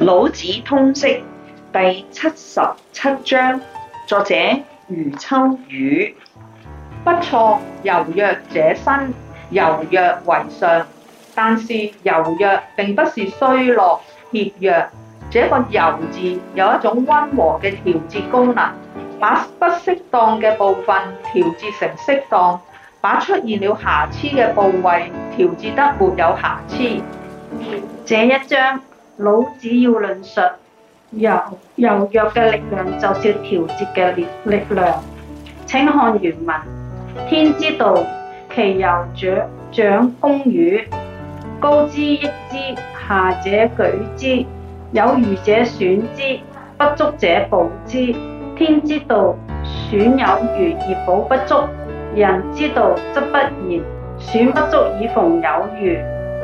老子通釋第七十七章，作者余秋雨。不錯，柔弱者身，柔弱為上。但是柔弱並不是衰落，怯弱。這個柔字有一種溫和嘅調節功能，把不適當嘅部分調節成適當，把出現了瑕疵嘅部位調節得沒有瑕疵。這一章。老子要論述柔弱嘅力量就是調節嘅力量，力力量。請看原文：天之道，其猶張張弓與？高之抑之，下者舉之，有餘者損之，不足者補之。天之道，損有餘而補不足，人之道則不然，損不足以奉有餘。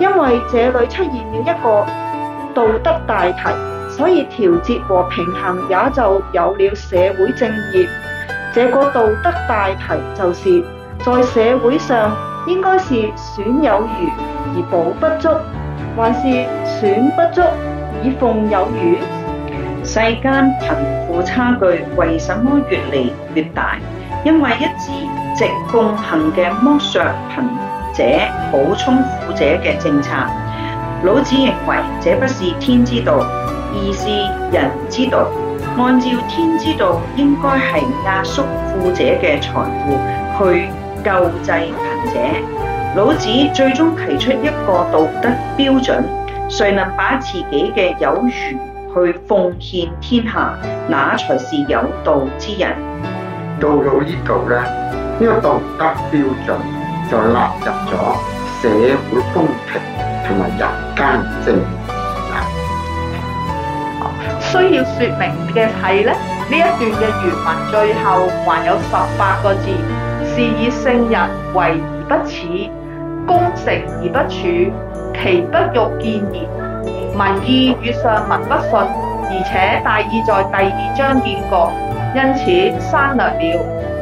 因為這裏出現了一個道德大題，所以調節和平衡也就有了社會正義。這個道德大題就是在社會上應該是損有餘而補不足，還是損不足以奉有餘？世間貧富差距為什麼越嚟越大？因為一支直共行嘅剝削貧者補充富者嘅政策，老子認為這不是天之道，而是人之道。按照天之道，應該係壓縮富者嘅財富去救濟貧者。老子最終提出一個道德標準：誰能把自己嘅有餘去奉獻天下，那才是有道之人。道到呢度呢個道德標準。就納入咗社會公平同埋人間正義。需要說明嘅係咧，呢一段嘅原文最後還有十八個字，是以聖人為而不恃，功成而不處，其不欲見賢。民意與上文不順，而且大意在第二章見過，因此刪略了。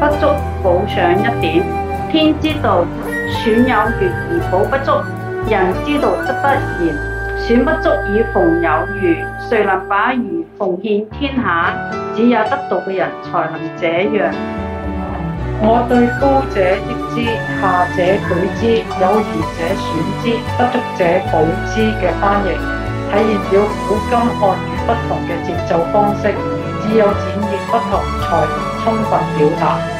不足補上一點，天之道，損有餘而補不足；人之道則不然，損不足以奉有餘。誰能把餘奉獻天下？只有得道嘅人才能這樣。我對高者抑之，下者舉之，有餘者損之，不足者補之嘅翻譯，體現了古今漢語不同嘅節奏方式。只有展現不同，才能充分表達。